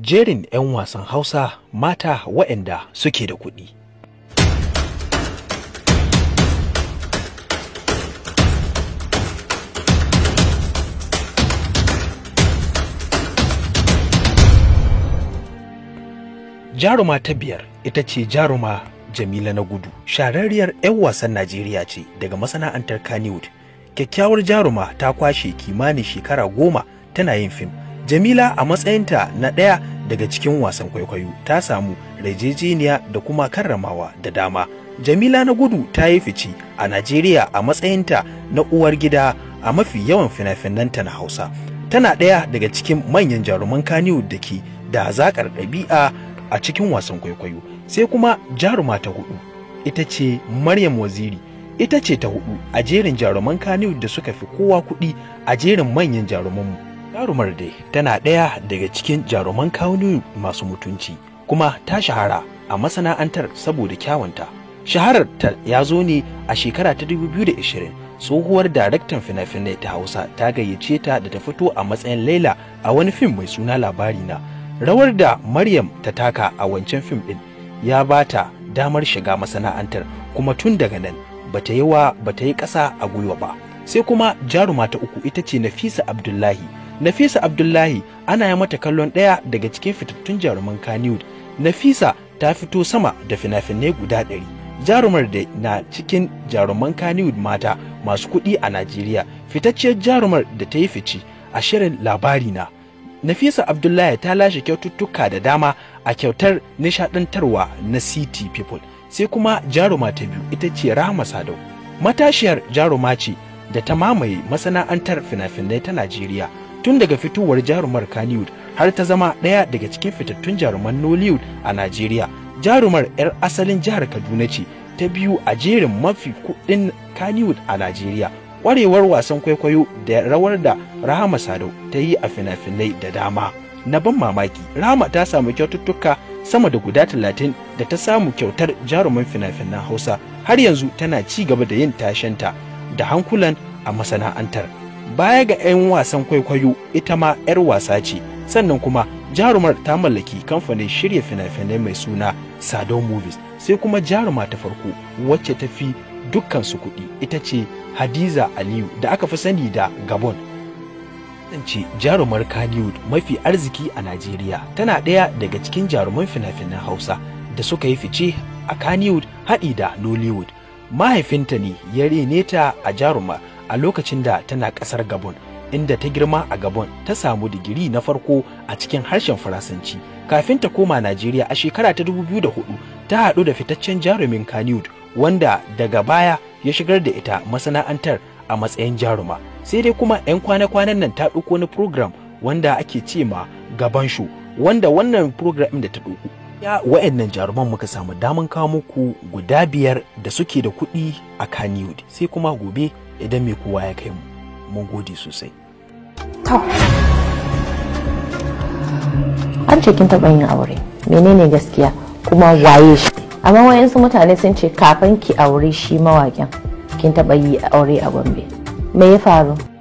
jerin 'yan wasan hausa mata waɗanda suke da kuɗi. jaruma ta biyar ita ce jaruma jamila na gudu shararriyar 'yan wasan najeriya ce daga masana'antar kannywood kyakkyawar jaruma ta kwashe kimanin shekara goma tana yin fim Jamila a matsayinta na ɗaya daga cikin wasan kwaikwayo ta samu rajejeniya da kuma karramawa da dama. Jamila na gudu ta yi fici a Najeriya a matsayinta na uwar gida a mafi yawan fina-finanta na Hausa. Tana ɗaya daga cikin manyan jaruman Kaniwood da ke da zaƙar ɗabi'a a cikin wasan kwaikwayo. Sai kuma jaruma ta hudu ita ce Maryam Waziri ita ce ta hudu a jerin jaruman Kaniwood da suka fi kowa kuɗi a jerin manyan jarumanmu. jarumar dai tana ɗaya daga cikin jaruman kawunu masu mutunci kuma ta shahara a masana'antar saboda kyawunta shaharar ta ya zo ne a shekara ta 2020 tsohuwar daraktan fina-finai ta hausa ta gayyace ta da ta fito a matsayin laila a wani fim mai suna labari na rawar da maryam ta taka a wancan fim ɗin ya ba ta damar shiga masana'antar kuma tun daga nan bata yi wa bata yi ƙasa a gwiwa ba sai kuma jaruma ta uku ita ce nafisa abdullahi Nafisa Abdullahi ana yi mata kallon ɗaya daga cikin fitattun jaruman Kannywood. Nafisa ta fito sama da fina-finai guda ɗari. Jarumar da na cikin jaruman Kannywood mata masu kuɗi a Najeriya, fitacciyar jarumar da ta yi fici a shirin labari na. Nafisa Abdullahi ta lashe kyaututtuka da dama a kyautar nishaɗantarwa na City People. Sai kuma jaruma ta biyu ita ce Rahama Sadau. Matashiyar jaruma ce da ta mamaye masana'antar fina-finai ta Najeriya. tun daga fitowar jarumar Kannywood har ta zama ɗaya daga cikin fitattun jaruman Nollywood a Najeriya. Jarumar 'yar asalin jihar Kaduna ce ta biyu a jerin mafi kuɗin Kannywood a Najeriya. Ƙwarewar wasan kwaikwayo da rawar da Rahama Sadau ta yi a fina-finai da dama. Na ban mamaki, Rahama ta samu kyaututtuka sama da guda talatin da ta samu kyautar jaruman fina-finan Hausa har yanzu tana ci gaba da yin tashenta da hankulan a masana'antar. baya ga 'yan wasan kwaikwayo ita ma 'yar wasa ce sannan kuma jarumar ta mallaki kamfanin shirya fina-finai mai suna Sado movies sai kuma jaruma ta farko wacce ta fi dukkan su kuɗi ita ce hadiza aliyu da aka fi sani da gabon ce jarumar kaniwood mafi arziki a najeriya tana ɗaya daga cikin jaruman fina-finan hausa da suka yi fice a kaniwood haɗi da nollywood mahaifinta ne ya rene ta a jarumar. a lokacin da tana ƙasar Gabon, inda ta girma a Gabon ta samu digiri na farko a cikin harshen Faransanci. Kafin ta koma Najeriya a shekara ta 2004 ta haɗu da fitaccen jarumin Kanyud, wanda daga baya ya shigar da ita masana'antar a matsayin jaruma. Sai dai kuma 'yan kwana-kwanan nan ta ɗauko wani program wanda ake ce ma gaban shu wanda wannan program da ta ɗauko. Ya wa'annan jaruman muka samu daman kawo muku guda biyar da suke da kuɗi a Kanyud sai kuma gobe idan mai kowa ya kai mu mun gode sosai to an ce kin taɓa yin aure menene gaskiya kuma waye shi amma wayansu mutane sun ce kafin ki aure shi mawaƙin kin taɓa yi aure a gombe me ya faru